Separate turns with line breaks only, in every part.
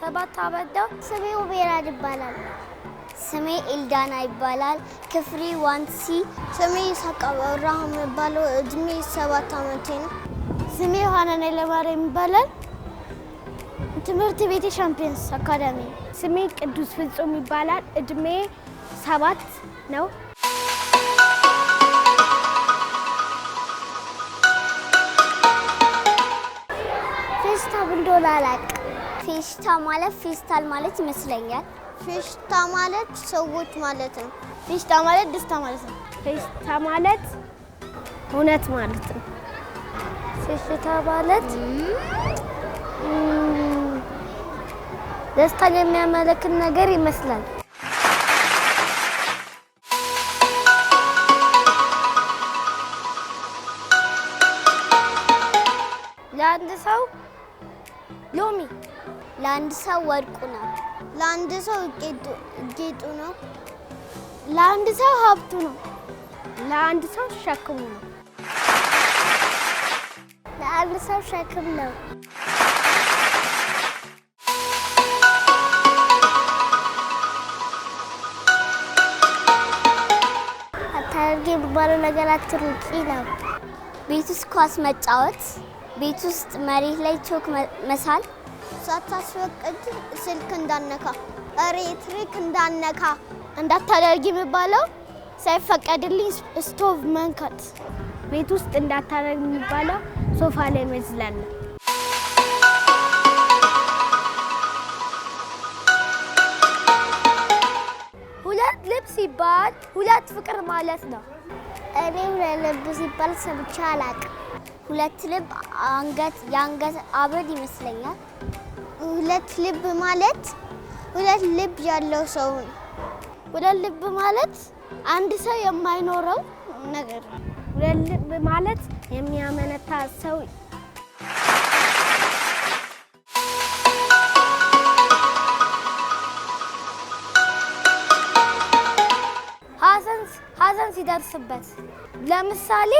ሰባት አመት ነው።
ስሜ ኡቤራን ይባላል።
ስሜ ኤልዳና ይባላል። ክፍሪ ዋንሲ።
ስሜ ይሳቅ አብርሃም ይባላል። እድሜ ሰባት አመቴ ነው።
ስሜ ዮሐናና ለማርያም ይባላል። ትምህርት ቤቴ ሻምፒየንስ አካዳሚ።
ስሜ ቅዱስ ፍጹም ይባላል። እድሜ ሰባት ነው።
ፌስታል እንደሆነ አላውቅም።
ፌሽታ ማለት ፌስታል ማለት ይመስለኛል።
ፌሽታ ማለት ሰዎች ማለት ነው።
ፌሽታ ማለት ደስታ ማለት ነው።
ፌሽታ ማለት
እውነት ማለት ነው።
ፌሽታ ማለት ደስታን የሚያመለክት ነገር ይመስላል።
ለአንድ ሰው ሎሚ
ለአንድ ሰው ወርቁ ነው።
ለአንድ ሰው ጌጡ ነው።
ለአንድ ሰው ሀብቱ ነው።
ለአንድ ሰው ሸክሙ ነው።
ለአንድ ሰው ሸክም ነው።
አታርጌ የሚባለው ነገር አትሩቂ ነው።
ቤት ውስጥ ኳስ መጫወት ቤት ውስጥ መሬት ላይ ቾክ መሳል፣
ሳታስፈቅድ ስልክ እንዳነካ፣ ኤሌክትሪክ እንዳነካ
እንዳታደርግ የሚባለው ሳይፈቀድልኝ ስቶቭ መንካት፣
ቤት ውስጥ እንዳታደርግ የሚባለው ሶፋ ላይ መዝላለ
ሁለት ልብስ ሲባል ሁለት ፍቅር ማለት ነው።
እኔ ሁለት ልብ ሲባል ሰምቼ አላውቅም።
ሁለት ልብ አንገት የአንገት አብርድ ይመስለኛል።
ሁለት ልብ ማለት ሁለት ልብ ያለው ሰው
ሁለት ልብ ማለት አንድ ሰው የማይኖረው ነገር
ሁለት ልብ ማለት የሚያመነታ ሰው
ሐዘን ሲደርስበት ለምሳሌ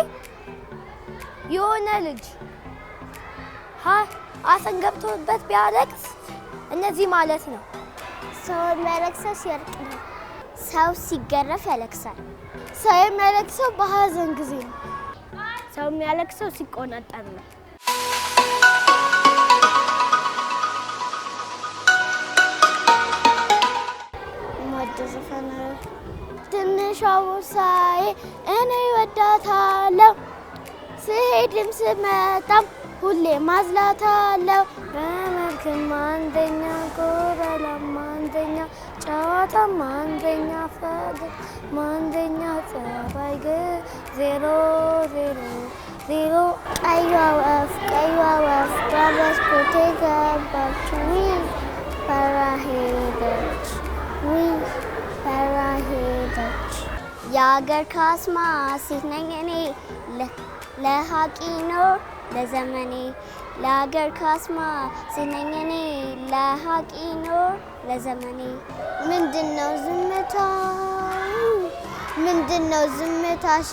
የሆነ ልጅ አሰን ገብቶበት ቢያለቅስ እነዚህ ማለት ነው።
ሰው የሚያለቅሰው ሲያርቅ ነው።
ሰው ሲገረፍ ያለቅሳል።
ሰው የሚያለቅሰው በሀዘን ጊዜ ነው።
ሰው የሚያለቅሰው ሲቆናጠር ነው።
ትንሿ ቦርሳዬ እኔ እወዳታለሁ ስሄድም ስመጣም ሁሌ ማዝላታለው
በመልክም አንደኛ ጎበላም አንደኛ ጨዋታም አንደኛ ፈገግ አንደኛ ጸባይ ግን ዜሮ ዜሮ ዜሮ
ቀይዋ ወፍ ቀይዋ ወፍ በመስኮቴ ገባች ዊ በራ ሄደች ዊ በራ ሄደች
የአገር ካስማ ሴት ነኝ እኔ ለሀቂ ኖር ለዘመኔ ለሀገር ካስማ ሲነኘኔ ለሀቂ ኖር ለዘመኔ
ምንድን ነው ዝምታ
ምንድን ነው ዝምታሽ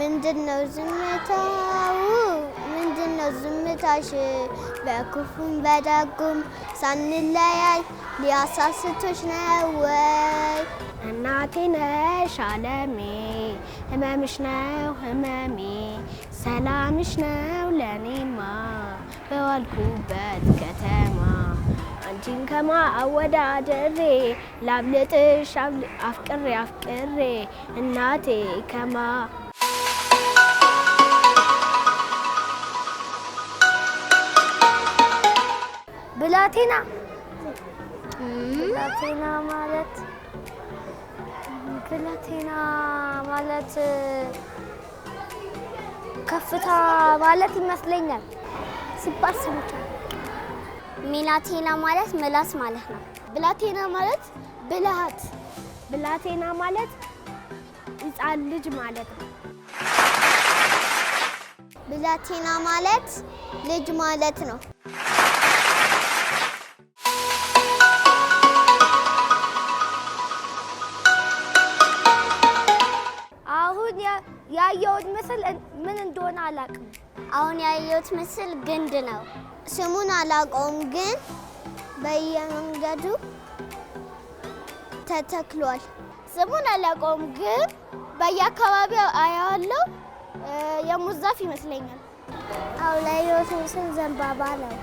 ምንድን ነው ዝምታ ታሽር በክፉም በደጉም ሳንለያይ ሊያሳስቶች ነው ወይ?
እናቴ ነሽ አለሜ ህመምሽ ነው ህመሜ ሰላምሽ ነው ለኔማ በዋልኩበት ከተማ
አንቺን ከማ አወዳደሬ ላብልጥሽ አፍቅሬ አፍቅሬ እናቴ ከማ
ብላቴና ብላቴና ማለት ብላቴና ማለት ከፍታ ማለት ይመስለኛል ሲባል ሰምቻለሁ።
ሜላቴና ማለት ምላስ ማለት ነው።
ብላቴና ማለት ብልሃት፣ ብላቴና ማለት ሕፃን ልጅ ማለት ነው።
ብላቴና ማለት ልጅ ማለት ነው።
ያየሁት ምስል ምን እንደሆነ አላውቅም።
አሁን ያየሁት ምስል ግንድ ነው።
ስሙን አላውቀውም፣ ግን በየመንገዱ ተተክሏል።
ስሙን አላውቀውም፣ ግን በየአካባቢው አያዋለው። የሙዝ ዛፍ ይመስለኛል።
አሁን ያየሁት ምስል ዘንባባ ነው።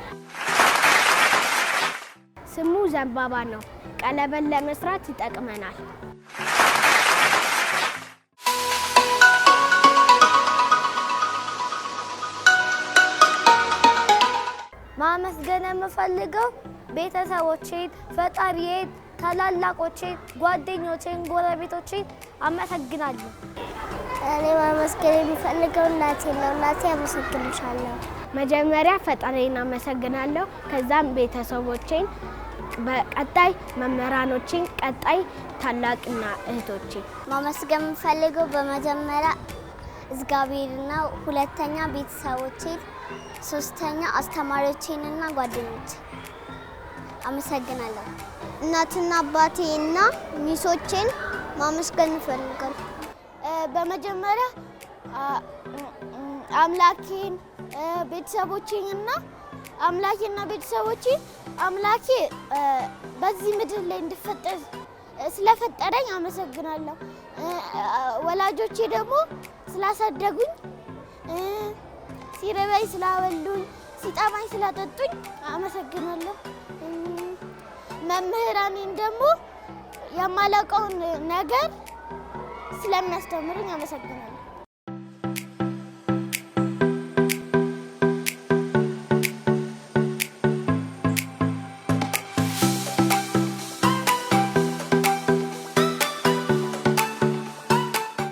ስሙ ዘንባባ ነው። ቀለበን ለመስራት ይጠቅመናል። ማመስገን የምፈልገው ቤተሰቦቼን፣ ፈጣሪዬን፣ ታላላቆቼን፣ ጓደኞቼን፣ ጎረቤቶቼን አመሰግናለሁ።
እኔ ማመስገን የሚፈልገው እናቴ ነው። እናቴ አመሰግንሻለሁ።
መጀመሪያ ፈጣሪዬን አመሰግናለሁ። ከዛም ቤተሰቦቼን፣ በቀጣይ መምህራኖቼን፣ ቀጣይ ታላቅና እህቶቼን።
ማመስገን የምፈልገው በመጀመሪያ እግዚአብሔርና ሁለተኛ ቤተሰቦቼን ሶስተኛ አስተማሪዎቼንና ጓደኞቼ አመሰግናለሁ።
እናትና አባቴና ሚሶቼን ማመስገን እፈልጋለሁ።
በመጀመሪያ አምላኬን ቤተሰቦቼንና አምላኬና ቤተሰቦቼ አምላኬ በዚህ ምድር ላይ እንድፈጠር ስለፈጠረኝ አመሰግናለሁ። ወላጆቼ ደግሞ ስላሳደጉኝ ሲርበኝ ስላበሉኝ፣ ሲጠማኝ ስላጠጡኝ አመሰግናለሁ። መምህራኔን ደግሞ የማላውቀውን ነገር ስለሚያስተምሩኝ አመሰግናለሁ።